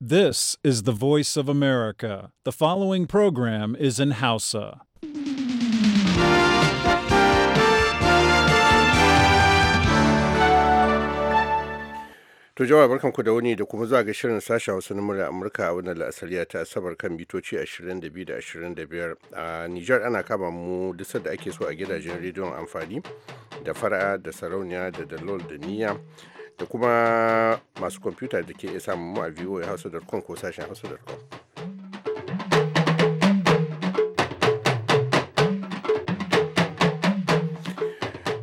This is the voice of America. The following program is in Hausa. To jawa barkanku da wani da kuma zuwa ga shirin sashen Hausa na murya Amurka a wannan la'asariya ta asabar kan bitoci 22 da 25 a Nijar ana kama mu dusar da ake so a gidajen rediyon amfani da fara da sarauniya da dalol da niyya da kuma masu kwamfuta da ke iya samun mu a voahausa.com ko sashen hausa.com.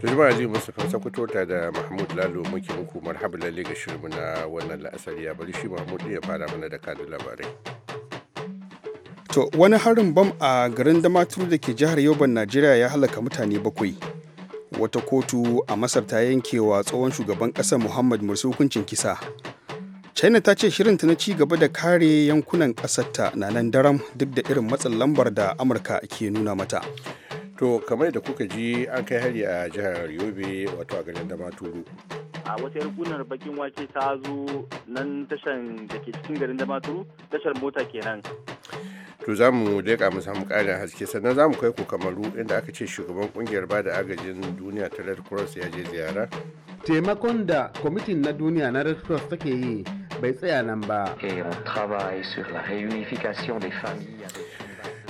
Tujima Ali musu fasa kutota da Mahmud Lalo muke muku marhaba lalle ga shirmu na wannan la'asari ya bari shi Mahmud ya fara mana da kada labarai. To wani harin bam a garin Damaturu da ke jihar Yoban Najeriya ya halaka mutane bakwai. wata kotu a masar ta yankewa tsohon shugaban ƙasar muhammad mursi hukuncin kisa china ta ce shirinta na ci gaba da kare yankunan ƙasarta na nan daram duk da irin matsin lambar da amurka ke nuna mata to kamar da kuka ji an kai hari a jihar yobe wato a garin damaturu a wata yankunar bakin wake ta zo nan tashan da ke cikin garin damaturu tashar mota kenan to za mu leƙa mu samu ƙarin haske sannan za mu kai ku kamaru inda aka ce shugaban kungiyar ba da agajin duniya ta red cross ya je ziyara taimakon da kwamitin na duniya na red cross take yi bai tsaya nan ba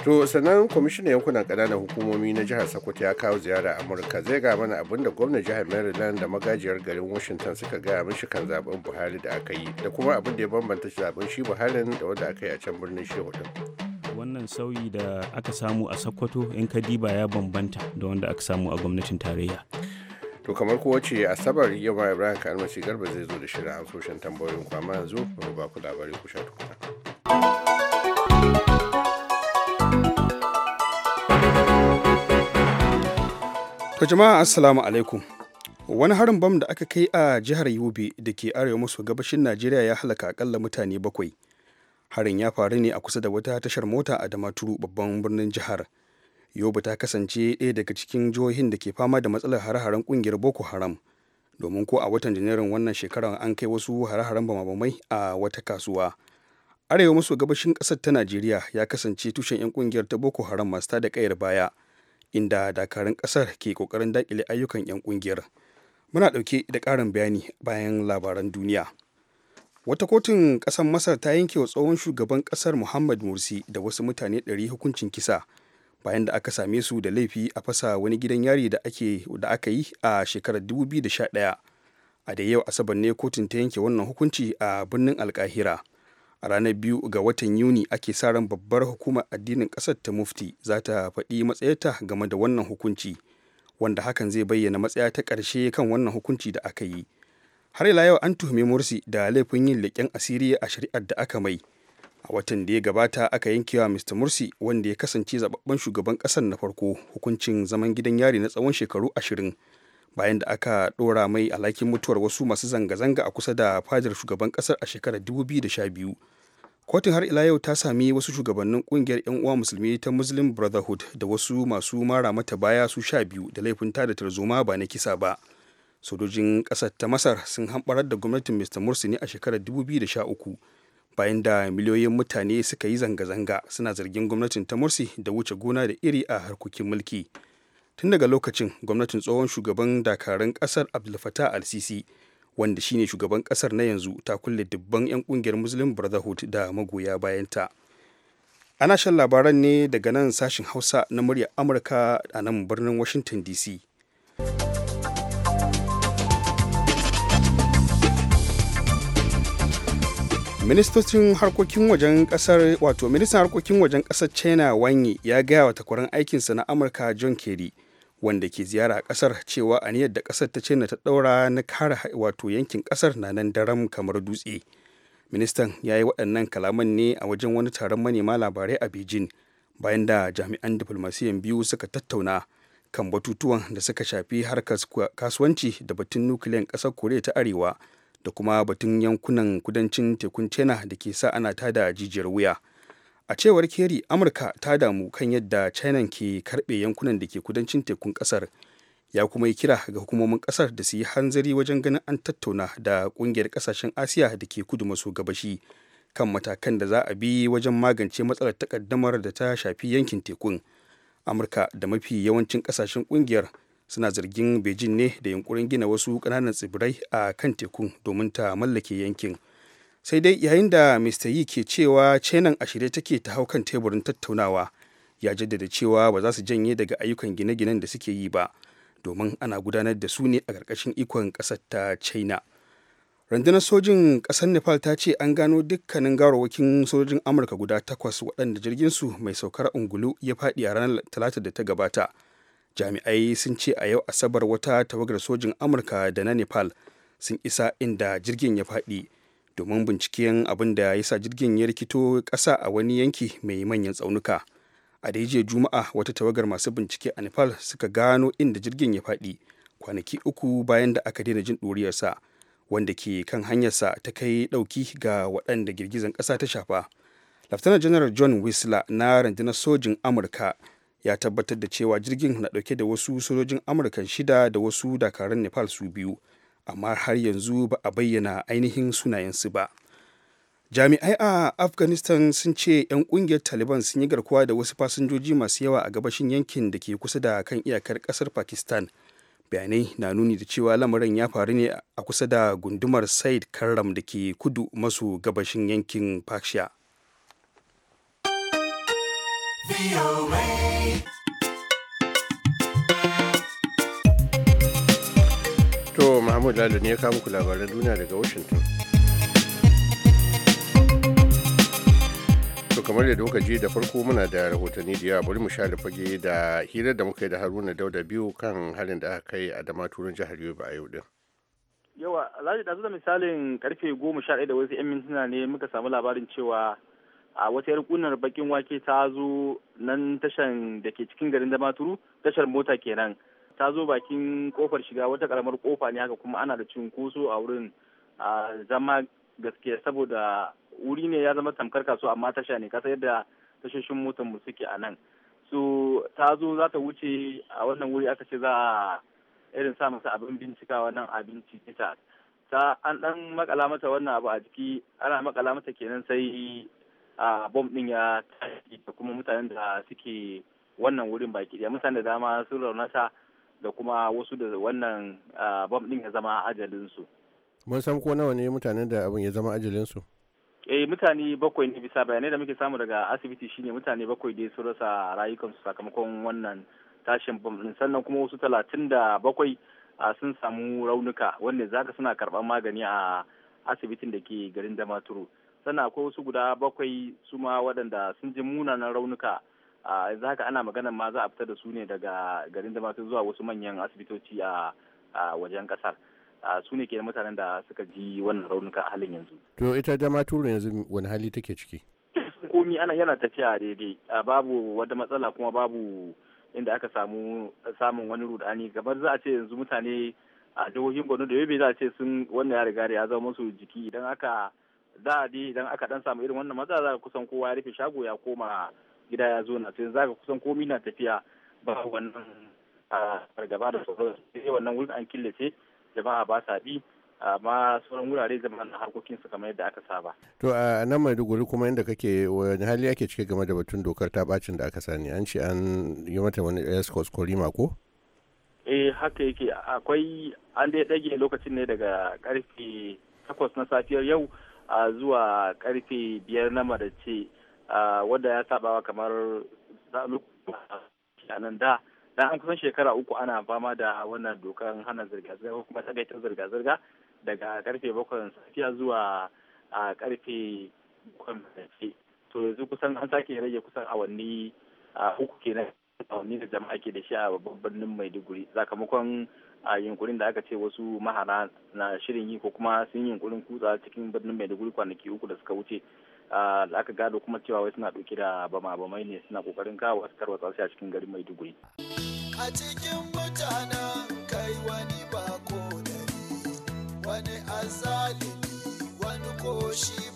to sannan kwamishinan yankunan kananan hukumomi na jihar sokoto ya kawo ziyara amurka zai ga mana abin da gwamnan jihar maryland da magajiyar garin washington suka gaya shi kan zaben buhari da aka yi da kuma abin da ya bambanta zaben shi buhari da wanda aka yi a can birnin shehu wannan sauyi da aka samu a Sokoto in ka diba ya bambanta da wanda aka samu a gwamnatin tarayya. To kamar kowace Asabar yau ma Ibrahim Kalmasi Garba zai zo da shirin amsoshin tambayoyin kwama yanzu ba ku labarin ku sha To jama'a assalamu alaikum. Wani harin bam da aka kai a jihar Yobe da ke arewa maso gabashin Najeriya ya halaka akalla mutane bakwai. harin ya faru ne a kusa da wata tashar mota a damaturu babban birnin jihar yobe ta kasance ɗaya daga cikin jihohin da ke fama da matsalar hare-haren ƙungiyar boko haram domin ko a watan janairun wannan shekarar an kai wasu hare-haren bamabamai a wata kasuwa arewa maso gabashin ƙasar ta najeriya ya kasance tushen 'yan kungiyar ta boko haram masu tada kayar baya inda dakarun ƙasar ke kokarin daƙile ayyukan 'yan kungiyar muna ɗauke da ƙarin bayani bayan labaran duniya wata kotun ƙasar masar ta yanke wa tsohon shugaban kasar muhammad morsi da wasu mutane 100 hukuncin kisa bayan da aka same su da laifi a fasa wani gidan yari da aka yi a shekarar 2011 a da yau asabar ne kotun ta yanke wannan hukunci a birnin alkahira a ranar biyu ga watan yuni ake sa ran babbar hukumar addinin kasar ta mufti za ta faɗi matsayarta game da wannan hukunci wanda hakan zai bayyana matsaya ta ƙarshe kan wannan hukunci da aka yi har ila yau an tuhumi morsi da laifin yin leƙen asiri a shari'ar da aka mai a watan da ya gabata aka yankewa mr morsi wanda ya kasance zababben shugaban ƙasar na farko hukuncin zaman gidan yari na tsawon shekaru ashirin bayan da aka ɗora mai alhakin mutuwar wasu masu zanga-zanga a kusa da fadar shugaban ƙasar a shekarar 2012 kotun har ila yau ta sami wasu shugabannin kungiyar 'yan uwa musulmi ta muslim brotherhood da wasu masu mara mata baya su sha biyu da laifin tada tarzoma ba na kisa ba sojojin ƙasar ta masar sun hamɓarar da gwamnatin mr morsi ne a shekarar 2013 bayan da miliyoyin mutane suka yi zanga-zanga suna zargin gwamnatin ta morsi da wuce gona da iri a harkokin mulki tun daga lokacin gwamnatin tsohon shugaban dakarun ƙasar abdulfatah al-sisi wanda shine shugaban ƙasar na yanzu ta kulle dubban 'yan ƙungiyar muslim brotherhood da magoya bayanta ana shan labaran ne daga nan sashin hausa na muryar amurka a nan birnin washington dc ministocin harkokin wajen kasar wato ministan harkokin wajen kasar china wanyi ya gaya wa takwaran aikinsa na amurka john kerry wanda ke ziyara kasar cewa aniyar da kasar ta china ta daura na kare wato yankin kasar na nan daram kamar dutse ministan ya yi waɗannan kalaman ne a wajen wani taron manema labarai a beijing bayan da jami'an diflomasiyan biyu suka tattauna kan batutuwan da suka shafi harkar kasuwanci da batun nukiliyan ƙasar koriya ta arewa da kuma batun yankunan kudancin tekun china da ke sa ana tada jijiyar wuya a cewar keri amurka ta damu kan yadda china ke karbe yankunan da ke kudancin tekun kasar ya kuma yi kira ga hukumomin kasar da su yi hanzari wajen ganin an tattauna da kungiyar kasashen asiya da ke kudu maso gabashi kan matakan da za a bi wajen magance matsalar takaddamar da ta shafi yankin tekun amurka da mafi yawancin kasashen kungiyar suna zargin beijing ne da yunkurin gina wasu ƙananan tsibirai a kan tekun domin ta mallake yankin sai dai yayin da mr yi ke cewa china a shirye take ta hau kan teburin tattaunawa ya jaddada cewa ba za su janye daga ayyukan gine-ginen da suke yi ba domin ana gudanar da su ne a ƙarƙashin ikon ƙasar ta china rundunar sojin ƙasar nepal ta ce an gano dukkanin gawarwakin sojin amurka guda takwas waɗanda jirgin su mai saukar ungulu ya faɗi a ranar talata da ta gabata jami'ai sun ce a yau asabar wata tawagar sojin amurka da na nepal sun isa inda jirgin ya faɗi domin binciken abin da ya sa jirgin ya rikito ƙasa a wani yanki mai manyan tsaunuka a daije juma'a wata tawagar masu bincike a nepal suka gano inda jirgin ya faɗi kwanaki uku bayan da aka daina jin ɗuriyarsa wanda ke kan hanyarsa ta kai ɗauki ga waɗanda girgizan ƙasa ta shafa laftanar janar john whistler na rundunar sojin amurka ya tabbatar da cewa jirgin na dauke da wasu sojojin amurka shida da wasu dakarun nepal su biyu amma har yanzu ba a bayyana ainihin sunayensu ba jami'ai a afghanistan sun ce 'yan kungiyar taliban sun yi garkuwa da wasu fasinjoji masu yawa a gabashin yankin da ke kusa da kan iyakar kasar pakistan bayanai na nuni da cewa lamarin ya faru ne a kusa da gundumar said karram da ke kudu maso gabashin yankin pakistan To Mahmud Lalo ne ya kawo muku labaran duniya daga Washington. To kamar yadda kuka ji da farko muna da rahotanni da yawa bari mu sha da fage da hirar da muka yi da Haruna Dauda biyu kan halin da aka kai a Damaturin jihar Yobe a yau din. Yawa, Alhaji da misalin karfe goma sha ɗaya da wasu 'yan mintuna ne muka samu labarin cewa a wata yarkunar bakin wake ta zo nan tashan da ke cikin garin da maturu tashar mota kenan ta zo bakin kofar shiga wata karamar kofa ne haka kuma ana da cunkoso a wurin a zama gaske saboda wuri ne ya zama tamkar kasuwa amma tasha ne kasa yadda tashoshin motar mu suke a nan so ta zo za ta wuce a wannan wuri aka ce za a irin sa masa abin bincika nan abinci ta an dan makala mata wannan abu a jiki ana makala mata kenan sai a bom din ya tashi da kuma mutanen da suke wannan wurin baki da mutanen da dama sun raunata da kuma wasu da wannan bom din ya zama su Mun san ko nawa ne mutanen da abin ya zama su eh mutane bakwai ne bisa bayanai da muke samu daga asibiti shine mutane bakwai dai sun rasa rayukansu sakamakon wannan tashin bom din sannan kuma wasu talatin da bakwai sun samu raunuka wanda zaka suna karban magani a asibitin da ke garin damaturu sannan akwai wasu guda bakwai su ma waɗanda sun ji munanan raunuka a yanzu ana magana ma za a fita da su ne daga garin da masu zuwa wasu manyan asibitoci a wajen kasar su ne ke mutanen da suka ji wannan raunuka a halin yanzu to ita da maturu yanzu wani hali take ciki komi ana yana tafiya daidai babu wata matsala kuma babu inda aka samu samun wani rudani kamar za a ce yanzu mutane a jihohin borno da yobe za a ce sun wannan ya riga ya zama musu jiki idan aka da di idan aka dan samu irin wannan maza za kusan kowa ya rufe shago ya koma gida ya zo na sai zaka ka kusan komi na tafiya ba wannan fargaba da sauran sai wannan wurin an killace jama'a ba sa bi amma sauran wurare zama na harkokin su kamar yadda aka saba. To a nan Maiduguri kuma inda kake wani hali yake cike game da batun dokar ta bacin da aka sani an ce an yi mata wani escort korima ko? Eh haka yake akwai an dai dage lokacin ne daga karfe takwas na safiyar yau zuwa karfe biyar na madace wadda ya wa kamar a nan da dan an kusan shekara uku ana fama da wannan dokan hana zirga-zirga ko kuma tsagaitar zirga-zirga daga karfe bakwai safiya zuwa a karfe bakwai madace to yanzu kusan an sake rage kusan awanni uku kenan rauni da jama'a ke da shi a babban birnin maiduguri sakamakon a yunkurin da aka ce wasu mahara na shirin yi ko kuma sun yi yunkurin kutsa cikin birnin maiduguri kwanaki uku da suka wuce da aka gado kuma cewa wai suna ɗauke da bama-bamai ne suna ƙoƙarin kawo wasu tarwatsa a cikin garin maiduguri a cikin mutanen kai wani bako dari wani azali, wani koshi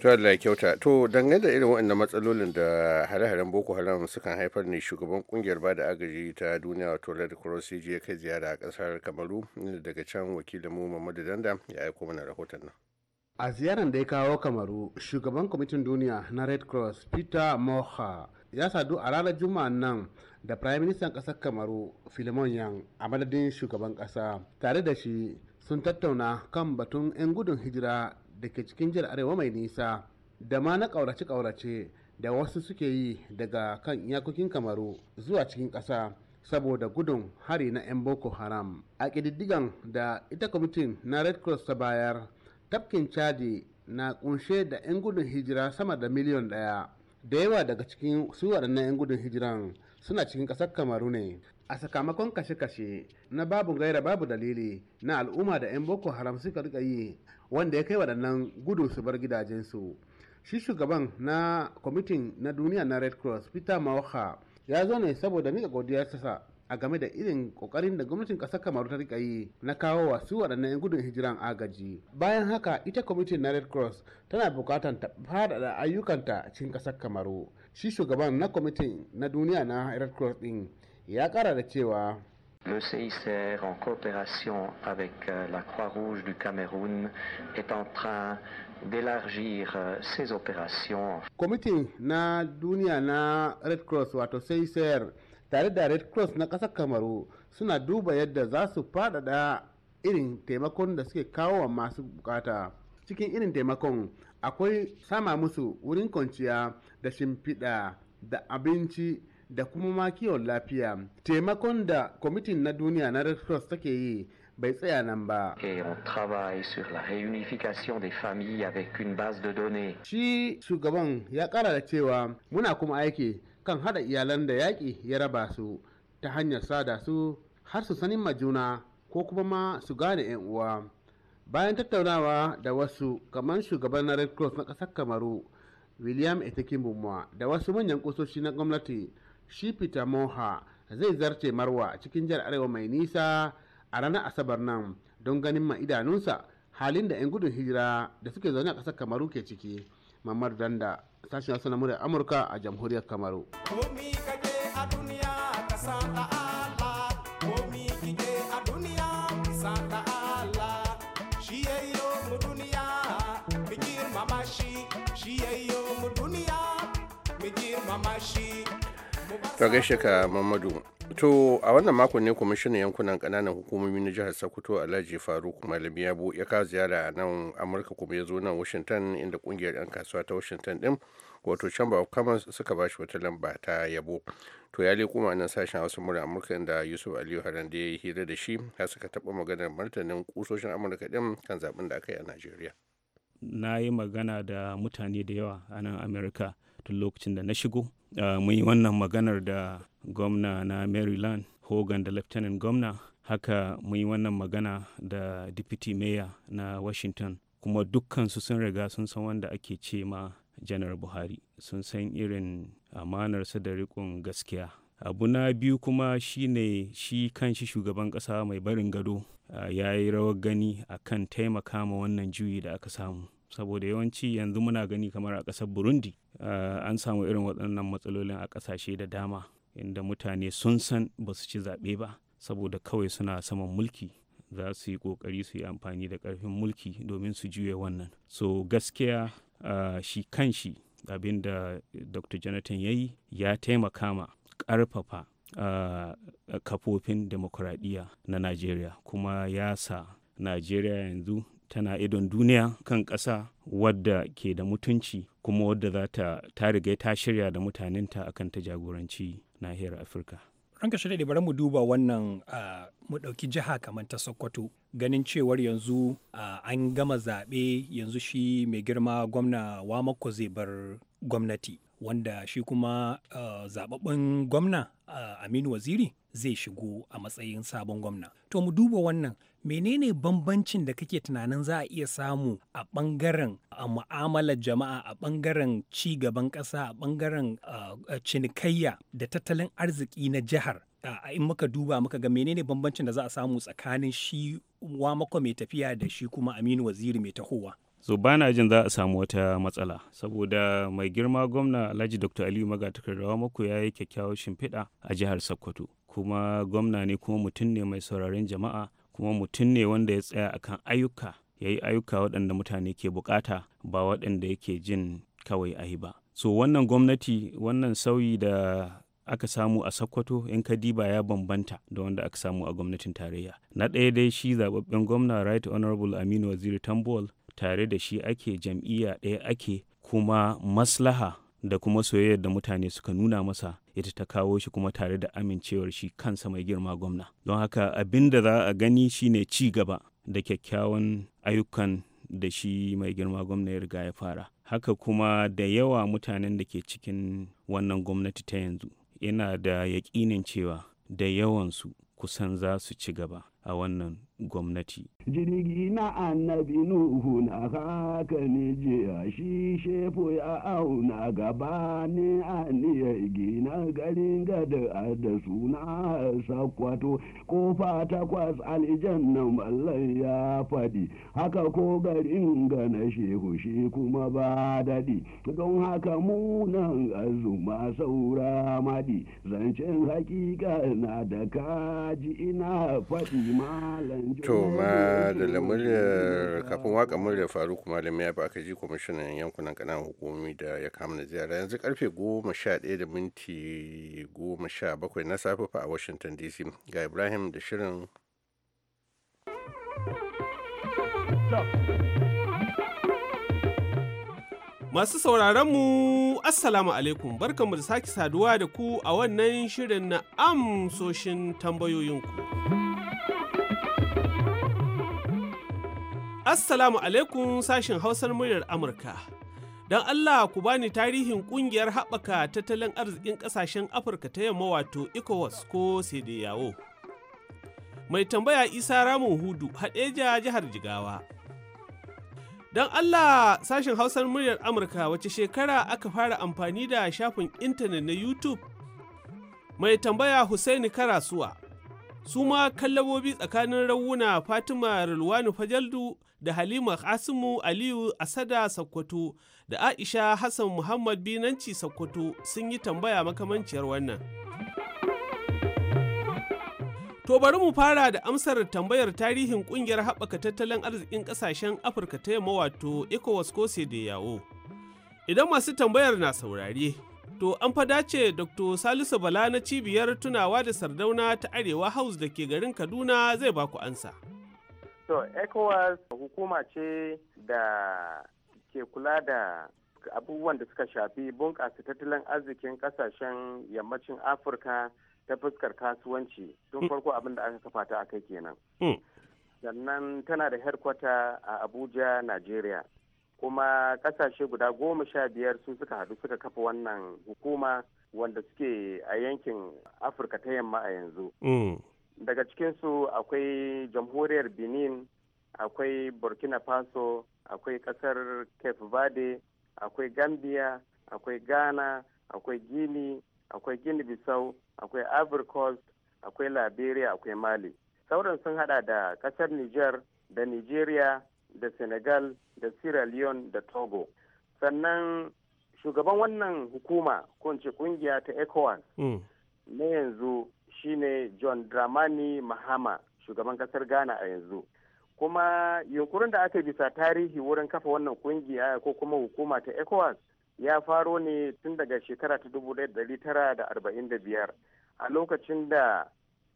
to Allah kyauta to dangane da irin waɗannan matsalolin da hare-haren boko haram sukan haifar ne shugaban kungiyar bada agaji ta duniya wato red cross ya kai ziyara a ƙasar kamaru daga can wakilin mu mamadu danda ya aiko mana rahoton nan a ziyarar da ya kawo kamaru shugaban kwamitin duniya na red cross peter moha ya sadu a ranar juma'a nan da prime minister ƙasar kamaru filimon yang a madadin shugaban ƙasa tare da shi sun tattauna kan batun 'yan gudun hijira da ke cikin jihar arewa mai nisa da ma na ƙaurace kaurace da wasu suke yi daga kan iyakokin kamaru zuwa cikin ƙasa saboda gudun hari na 'yan boko haram a ƙididdigan da ita kwamitin na red cross ta bayar tafkin chadi na kunshe da 'yan gudun hijira sama da miliyon ɗaya da yawa daga cikin su waɗannan 'yan gudun hijiran suna cikin ƙasar kamaru ne a sakamakon kashe-kashe na babu gaira babu dalili na al'umma da 'yan boko haram suka rika yi wanda ya kai waɗannan gudu su bar gidajensu shi shugaban na kwamitin na duniya na red cross peter mawaha ya zo ne saboda nika godiyarsa a game da irin kokarin da gwamnatin kasar kamaru ta rika yi na kawo wa su waɗannan 'yan gudun hijiran agaji bayan haka ita kwamitin na red cross tana bukatar ta da ayyukanta cikin kasar kamaru shi shugaban na kwamitin na duniya na red cross ɗin ya kara da cewa Le CICR, en coopération avec euh, la Croix-Rouge du Cameroun, est en train d'élargir euh, ses opérations. Kwamitin na duniya na Red Cross wato CICR tare da Red Cross na ƙasar Kamaru suna duba yadda za su faɗaɗa irin taimakon da suke kawo wa masu bukata. Cikin irin taimakon akwai sama musu wurin kwanciya da shimfiɗa da abinci da kuma ma kiwon lafiya taimakon da kwamitin na duniya na red cross take yi bai tsaya nan ba. Shi shugaban ya kara da cewa muna kuma aiki kan hada iyalan da yaƙi ya raba su ta hanyar sada su har su sanin majuna ko kuma ma su gane 'yan uwa. Bayan tattaunawa da wasu kamar shugaban na Red Cross na ƙasar Kamaru, William Etekin da wasu manyan ƙusoshi na gwamnati shi peter moha zai zarce marwa cikin jihar arewa mai nisa a ranar asabar nan don ganin ma idanunsa halin da 'yan gudun hijira da suke zaune a ƙasar kamaru ke ciki mamar danda sashen sanar na amurka a jamhuriyar kamaru. Komi to gaishe ka mamadu to a wannan makon ne kwamishinan yankunan kananan hukumomi na jihar sokoto alhaji faruk malami ya ya ka ziyara a nan amurka kuma ya zo nan washington inda kungiyar 'yan kasuwa ta washington din wato chamber of commerce suka ba shi wata lamba ta yabo to ya leku ma nan sashen wasu mura amurka inda yusuf aliyu haran da ya yi hira da shi har suka taɓa maganar martanin kusoshin amurka din kan zaɓen da aka yi a najeriya na yi magana da mutane da yawa a nan amurka tun lokacin da na shigo eh, mun yi wannan maganar da gwamna na maryland hogan da lieutenant gwamna haka mun yi wannan magana da deputy mayor na washington kuma dukkansu sun riga sun san wanda ake ce ma janar buhari sun san irin amanarsa da rikon gaskiya abu na biyu kuma shine shi kanshi shugaban kasa mai barin gado eh, ya yi rawar gani a kan taimaka ma wannan juyi da aka samu saboda yawanci yanzu muna gani kamar a ƙasar burundi eh, an samu irin waɗannan matsalolin a ƙasashe da dama inda mutane sun san ba su ci zaɓe ba saboda kawai suna saman mulki za su yi ƙoƙari su yi amfani da ƙarfin mulki domin su juya wannan so gaskiya eh, shi kan shi abin da dr jonathan ya yi ya taimaka ma ƙarfafa eh, kafofin demokuraɗiyya na najeriya kuma ya sa najeriya yanzu tana idon duniya kan ƙasa wadda ke da mutunci kuma wadda za ta ta riga ta shirya da mutanenta akan ta jagoranci nahiyar afirka ranka shirya bari mu duba wannan mu ɗauki jiha kamar ta sokoto ganin cewar yanzu an gama zaɓe yanzu shi mai girma gwamna wamako zai bar gwamnati wanda shi kuma uh, eh, zababben gwamna uh, aminu waziri zai shigo a matsayin sabon gwamna to mu duba wannan menene bambancin da kake tunanin za a iya samu a bangaren a mu'amalar jama'a a bangaren ci gaban ƙasa a bangaren eh, cinikayya da tattalin arziki na jihar in muka duba muka ga menene bambancin da za a samu tsakanin shi wa mai tafiya da shi kuma aminu waziri mai tahowa so ba na jin za a samu wata matsala saboda mai girma gwamna alhaji dr aliyu magatakarrawa mako ya yi kyakkyawar shimfiɗa a jihar sokoto kuma gwamna ne kuma mutum ne mai sauraron jama'a kuma mutum ne wanda ya tsaya akan ayyuka ya yi ayyuka waɗanda mutane ke bukata ba waɗanda yake jin kawai a ba so wannan gwamnati wannan sauyi da aka samu a sokoto in ka diba ya bambanta da wanda aka samu a gwamnatin tarayya na ɗaya dai shi zaɓaɓɓen gwamna right honorable aminu waziri tambol tare da shi ake jam'iyya ɗaya ake kuma maslaha da kuma soyayyar da mutane suka nuna masa ita ta kawo shi kuma tare da amincewar shi kansa mai girma gwamna don haka abin da za a gani shine ci gaba da kyakkyawan ayyukan da shi mai girma gwamna ya riga ya fara haka kuma da yawa mutanen da ke cikin wannan gwamnati ta yanzu yana da yaƙinin cewa da yawansu kusan za su ci gaba a wannan gwamnati. Jirgi na annabi Nuhu na haka ne a shi shefo ya auna gaba ne aniyar gina garin gada da suna sakwato ko fata kwas na mallan ya faɗi haka ko garin gana shehu shi kuma ba daɗi don haka munan azuma saura madi zancen hakika na da kaji ina faɗi malam To ma da lamuryar kafin waka muryar faru kuma da ya aka ji kwamishinan yankunan kanan hukumomi da ya kama na ziyara yanzu karfe goma ɗaya da minti goma na safe fa a Washington DC ga Ibrahim da shirin. Masu sauraron mu Assalamu alaikum barkanmu da sake saduwa da ku a wannan shirin na amsoshin tambayoyinku. Assalamu alaikum sashen Hausar muryar Amurka. Don Allah ku bani tarihin kungiyar haɓaka tattalin arzikin ƙasashen Afirka ta yamma wato ECOWAS ko yawo. Mai tambaya Isa Ramun Hudu, Haɗeja jihar Jigawa. Don Allah sashen Hausar muryar Amurka wace shekara aka fara amfani da shafin intanet na YouTube? Mai tambaya Hussaini Karasuwa. su ma kallabobi tsakanin rawuna fatima rulwani fajaldu da halima asimu aliyu asada sakkwato da aisha hassan muhammad binanci sakkwato sun yi tambaya makamanciyar wannan to bari mu fara da amsar tambayar tarihin kungiyar haɓaka tattalin arzikin ƙasashen afirka ta yamma wato ecowas da yawo idan masu tambayar na saurare To an fa ce Dr. Salisu Bala na cibiyar tunawa da Sardauna ta Arewa House da ke garin Kaduna zai ba ku ansa. so ECOWAS hukuma ce da ke kula da abubuwan da suka shafi bunƙasa tattalin arzikin ƙasashen yammacin Afirka ta fuskar kasuwanci tun hmm. farko abin da aka kafa ta akai kenan. Hmm. Sannan tana da headquarter a Abuja, nigeria. kuma kasashe guda goma sha biyar su suka haɗu suka kafa wannan hukuma wanda suke a yankin afirka ta yamma a yanzu mm. daga cikinsu akwai jamhuriyar benin akwai burkina faso akwai kasar cape verde akwai gambia akwai ghana akwai gini akwai gini bissau akwai ivory coast akwai liberia akwai mali sauran sun hada da kasar niger da nigeria da senegal da sierra leone da togo sannan shugaban wannan hukuma ko ce kungiya ta ecowas mm. na yanzu shine john dramani mahama shugaban kasar ghana a yanzu kuma yunkurin da aka bisa tarihi wurin kafa wannan kungiya ko kuma hukuma ta ecowas ya faro ne tun daga shekara ta da biyar a lokacin da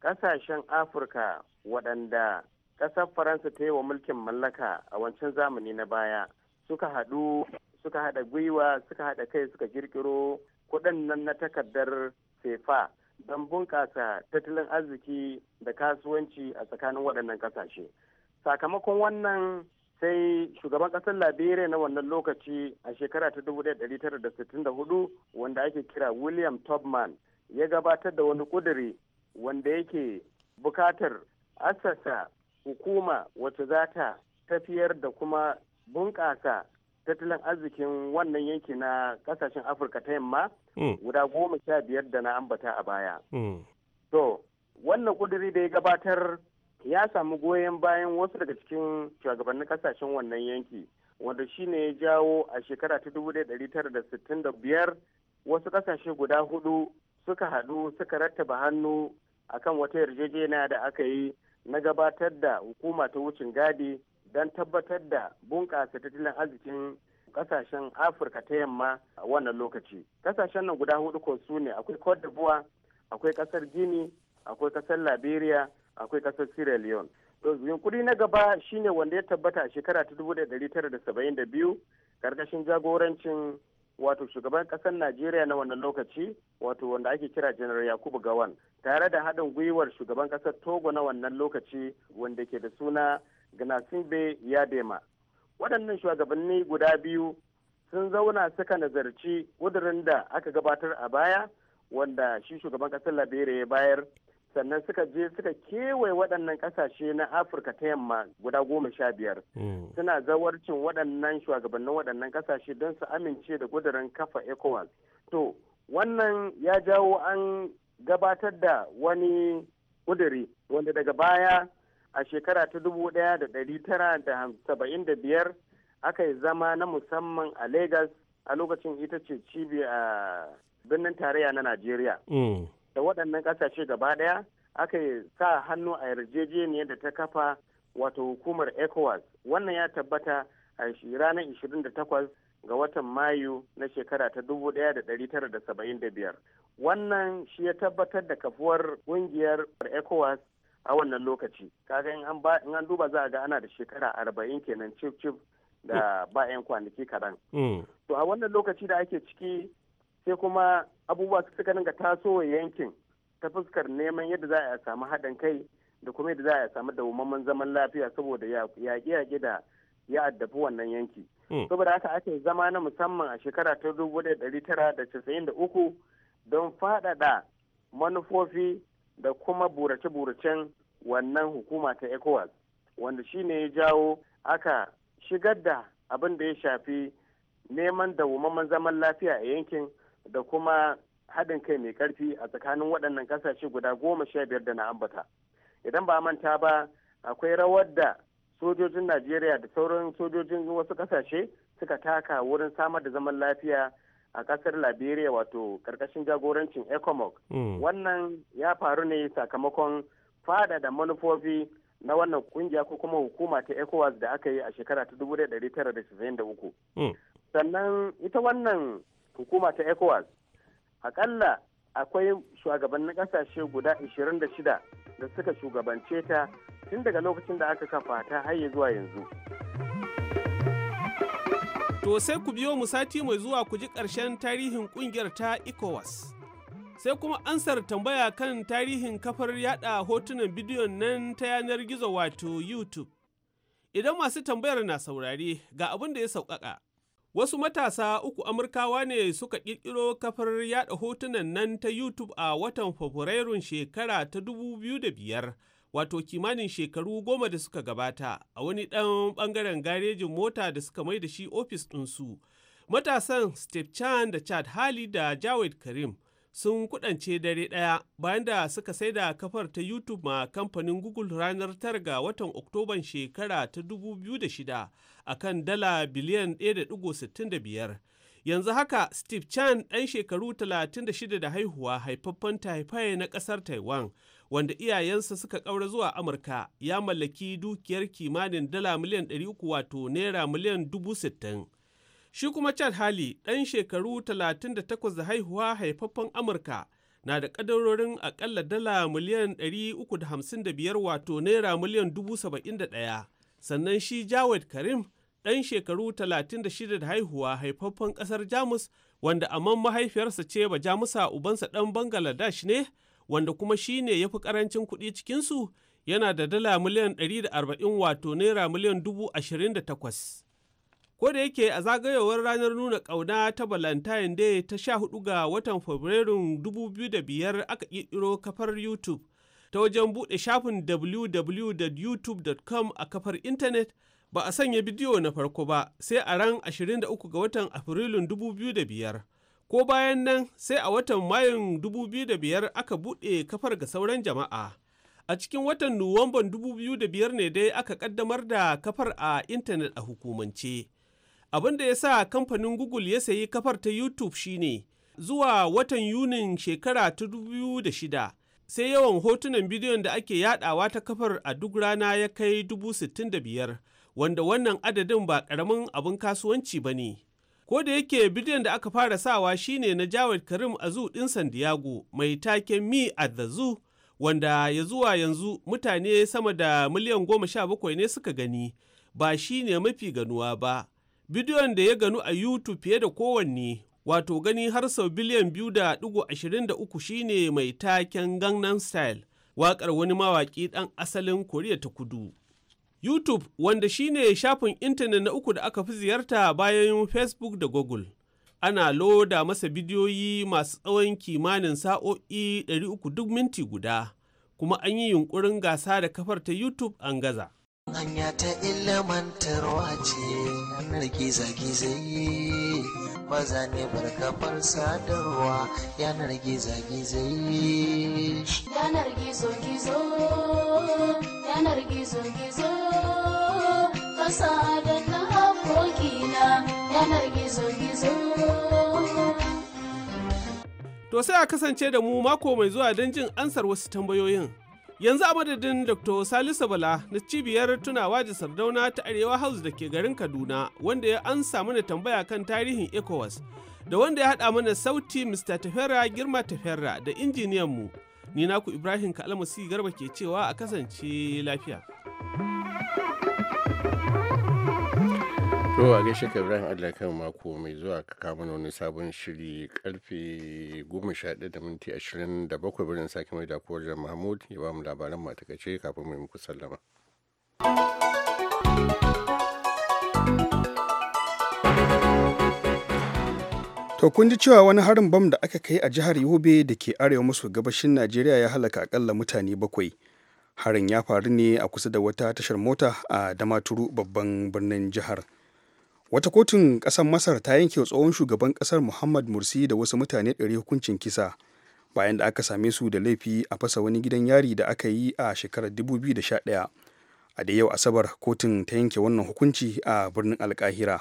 kasashen afirka waɗanda ƙasar faransa ta yi wa mulkin mallaka a wancan zamani na baya suka haɗu suka haɗa gwiwa suka haɗa kai suka kirkiro kuɗin nan na takardar sefa don bunƙasa tattalin arziki da kasuwanci a tsakanin waɗannan ƙasashe sakamakon wannan sai shugaban ƙasar liberia na wannan lokaci a shekara ta 1964 wanda ake kira william tubman ya gabatar da wani ƙuduri wanda yake bukatar assasa hukuma wata za ta tafiyar da kuma bunƙasa tattalin arzikin wannan yanki na ƙasashen afirka ta yamma hmm. guda goma sha biyar da na ambata a baya hmm. to wannan ƙuduri da ya gabatar ya samu goyon bayan wasu daga cikin shugabannin ƙasashen wannan yanki wanda shi ne ya jawo a shekara ta da biyar wasu ƙasashe guda hudu suka haɗu suka rattaba hannu akan wata yarjejeniya da aka yi na gabatar da hukuma ta wucin gadi don tabbatar da bunƙasa tattalin arzikin kasashen afirka ta yamma a wannan lokaci kasashen nan guda hudu ko su ne akwai cote d'ivoire akwai ƙasar guinea akwai ƙasar liberia akwai ƙasar sierra leone to yunkuri na gaba shine wanda ya tabbata a shekara ta biyu karkashin jagorancin wato shugaban kasar najeriya na wannan lokaci wato wanda ake kira janar yakubu gawan tare da haɗin gwiwar shugaban kasar togo na wannan lokaci wanda ke da suna ganasimbe yadema waɗannan shugabanni guda biyu sun zauna suka nazarci ƙudurin da aka gabatar a baya wanda shi shugaban kasar labere ya bayar sannan suka je suka kewaye waɗannan ƙasashe na afirka ta yamma guda goma sha biyar hmm. suna zawarcin waɗannan shugabannin waɗannan ƙasashe don su amince da gudurin kafa ecowas to wannan ya jawo an gabatar da wani ƙuduri wanda daga baya a shekara ta dubu ɗaya da ɗari tara da saba'in da biyar aka yi zama na musamman a lagos a lokacin ita ce cibiyar birnin tarayya na najeriya hmm. da waɗannan ƙasashe gaba ɗaya aka sa hannu a yarjejeniyar da ta kafa wato hukumar ecowas wannan ya tabbata a ranar 28 ga watan mayu na shekara ta 1975 wannan shi ya tabbatar da kafuwar ƙungiyar ecowas a wannan lokaci kaga in an duba za a ga ana da shekara arba'in kenan cif cif da bayan kwanaki kaɗan mm. Mm. to a wannan lokaci da ake ciki sai kuma abubuwa su suka dinga taso yankin ta fuskar neman yadda za a samu haɗin kai da kuma yadda za a samu dawwammamin zaman lafiya saboda yaƙi-yaƙi da ya addabi wannan yanki. Hmm. Saboda haka aka zama na musamman a shekara ta dubu tara da casa'in da uku don faɗaɗa manufofi da kuma burace-buracen wannan hukuma ta ECOWAS wanda shi ne ya jawo aka shigar da abin da ya shafi neman dawwammamin zaman lafiya a yankin da kuma haɗin kai mai ƙarfi a tsakanin waɗannan ƙasashe guda goma sha biyar da na ambata idan ba manta ba akwai rawar da sojojin najeriya da sauran sojojin wasu ƙasashe suka taka wurin samar da zaman lafiya a ƙasar liberia wato ƙarƙashin jagorancin ecomog hmm. wannan ya faru ne sakamakon fada da manufofi na wannan kungiya ko kuma hukuma ta ecowas da aka yi a shekara ta 1993 hmm. sannan ita wannan hukuma ta ecowas akalla akwai shugabannin kasashe guda 26 da suka shugabance ta tun daga lokacin da aka kafa ta har zuwa yanzu to sai ku biyo mu sati mai zuwa ku ji ƙarshen tarihin ƙungiyar ta ecowas sai kuma ansar tambaya kan tarihin kafar yada hotunan bidiyon nan ta yanar gizo wato youtube idan masu tambayar na saurare ga abin da ya sauƙaƙa Wasu matasa uku Amurkawa ne suka ƙirƙiro kafar yaɗa hotunan nan ta YouTube a watan Fabrairun shekara ta dubu biyu da biyar, wato kimanin shekaru goma da suka gabata a wani ɗan ɓangaren garejin mota da suka mai da shi ofis ɗinsu. Matasan Steve Chan da Chad Hali da Jawed Karim sun kudance dare ɗaya bayan da suka saida kafar ta YouTube ma kamfanin Google ranar tar ga watan Oktoban shekara ta 2006 a kan dala biliyan 1.65. Yanzu haka Steve Chan ɗan shekaru 36 da haihuwa haifaffen taifaye na ƙasar Taiwan wanda iyayensa suka ƙaura zuwa Amurka ya mallaki dukiyar kimanin dala miliyan 300 wato naira miliyan 60. Shi kuma Chad Hali ɗan shekaru 38 da haihuwa haifaffen Amurka na da ƙadarorin aƙalla dala miliyan 355 wato naira miliyan ɗaya, sannan shi Jawed Karim ɗan shekaru 36 da haihuwa haifaffen ƙasar Jamus wanda amman mahaifiyarsa ce ba Jamusa ubansa ɗan Bangaladesh ne wanda kuma shi ne ya fi ƙarancin kuɗi cikinsu yana da dala miliyan 140 wato naira miliyan 28. Ko da yake a zagayowar ranar nuna ƙauna ta Valentine Day ta sha hudu ga watan Fabrairun 2005 aka ƙirƙiro kafar YouTube ta wajen buɗe shafin www.youtube.com a kafar intanet ba a sanya bidiyo na farko ba sai a ran 23 ga watan afrilun 2005 ko bayan nan sai a watan mayun 2005 aka buɗe kafar ga sauran jama'a a cikin watan nuwamban 2005 ne dai aka ƙaddamar da kafar a intanet a hukumance. Abin da ya sa kamfanin Google ya sayi kafar ta YouTube shine zuwa watan Yunin shekara ta 2006 sai yawan hotunan bidiyon da ake yadawa ta kafar a duk rana ya kai 65,000 wanda wannan adadin ba karamin abin kasuwanci ba ne. ko da yake bidiyon da aka fara sawa shine na Jawad Karim a zoo din San Diego mai taken Me at the Zoo wanda ya zuwa yanzu mutane sama da miliyan goma sha bakwai ne suka gani ba shine mafi ganuwa ba bidiyon da ya ganu a YouTube fiye da kowanne wato gani har sau biliyan biyu da ɗigo ashirin da uku shine mai taken Gangnam Style waƙar wani mawaƙi ɗan asalin Koriya ta kudu. YouTube wanda shine shafin intanet na uku da aka fi ziyarta bayan Facebook da Google. Ana loda masa bidiyoyi masu tsawon kimanin sa'o'i 300 duk minti guda, kuma an yi yunkurin gasa da kafar ta YouTube an gaza. hanya ta ilmantarwa ce yanar gizagizai maza ne barkafar sadarwa yanar gizagizai yanar gizo-gizo yanar gizo-gizo na yanar gizo-gizo To sai a kasance da mu mako mai zuwa don jin ansar wasu tambayoyin. Yanzu a madadin Dr. Salisu Bala na cibiyar tunawa da Sardauna ta Arewa House da ke garin Kaduna wanda ya samu na tambaya kan tarihin ECOWAS da wanda ya haɗa mana sauti Mr. Tafera Girma Tafera da injiniyanmu. Ni naku Ibrahim Kalamusi Garba ke cewa a kasance lafiya. yawa a gaishe ka Ibrahim Allah kan mako mai zuwa ka kama wani sabon shiri karfe 11 da minti 27 birnin sake mai dakuwar jan Mahmud ya ba mu labaran matakace kafin mu yi muku sallama. To kun ji cewa wani harin bam da aka kai a jihar Yobe da ke arewa maso gabashin Najeriya ya halaka akalla mutane bakwai. Harin ya faru ne a kusa da wata tashar mota a Damaturu babban birnin jihar. wata kotun ƙasar masar ta yanke tsohon shugaban ƙasar muhammad mursi da wasu mutane ɗari hukuncin kisa bayan da aka same su da laifi a fasa wani gidan yari da aka yi a shekarar 2011 a da yau asabar kotun ta yanke wannan hukunci a birnin alkahira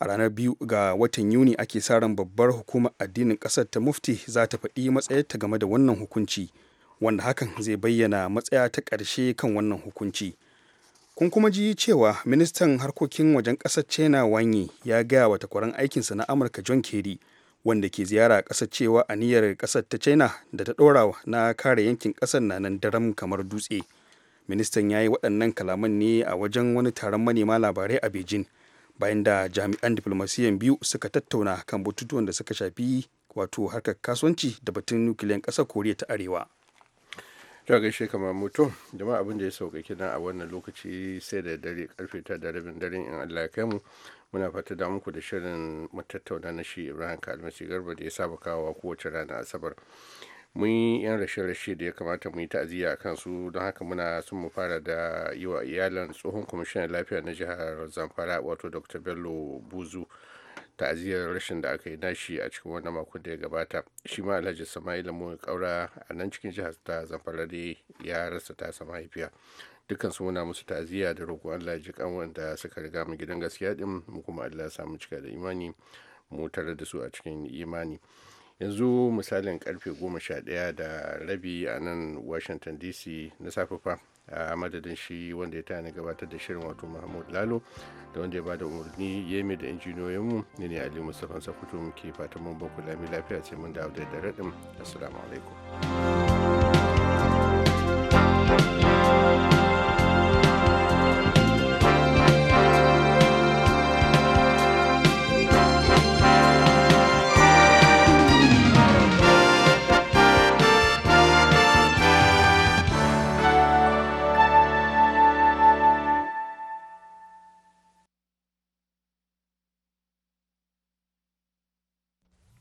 a ranar biyu ga watan yuni ake sa ran babbar hukumar addinin ƙasar ta mufti za ta faɗi matsayarta game da wannan hukunci wanda hakan zai bayyana matsaya ta ƙarshe kan wannan hukunci. kun kuma ji cewa ministan harkokin wajen ƙasar china wanyi ya gaya wa takwaran aikinsa na amurka john kerry wanda ke ziyara ƙasar cewa a niyyar ƙasar ta china da ta ɗora na kare yankin ƙasar na nan daram kamar dutse ministan ya yi waɗannan kalaman ne a wajen wani taron manema labarai a beijing bayan da jami'an diflomasiyan biyu suka tattauna kan batutuwan da suka shafi wato harkar kasuwanci da batun nukiliyan ƙasar koriya ta arewa ta gaishe kamar mutum jama'a abin da ya sauka kina a wannan lokaci sai da dare karfe ta da rabin dare in Allah ya kai mu muna fata da muku da shirin mu na shi Ibrahim Kalmasi Garba da ya saba kawowa kowace rana Asabar mun yi yan rashe-rashe da ya kamata mu yi ta'aziyya akan su don haka muna son mu fara da yi wa iyalan tsohon kwamishinan lafiya na jihar Zamfara wato Dr. Bello Buzu ta'aziyar rashin da aka yi nashi a cikin wannan makon da ya gabata shi ma alhaji sama'ila mu kaura a nan cikin jihar ta zamfarare ya rasa tasa mahaifiya dukkan su muna musu ta'aziyya da roƙon Allah ji kan wanda suka riga mu gidan gaskiya din mu kuma Allah ya samu cika da imani mu tare da su a cikin imani yanzu misalin karfe goma sha ɗaya da rabi a nan washington dc na safe fa a madadin shi wanda ya tana gabatar da shirin wato mahmud lalo da wanda ya bada umarni yemi da injiniyoyinmu ne ne ali mustapha sakuto muke fatan mun baku lami lafiya ce mun da da raɗin assalamu alaikum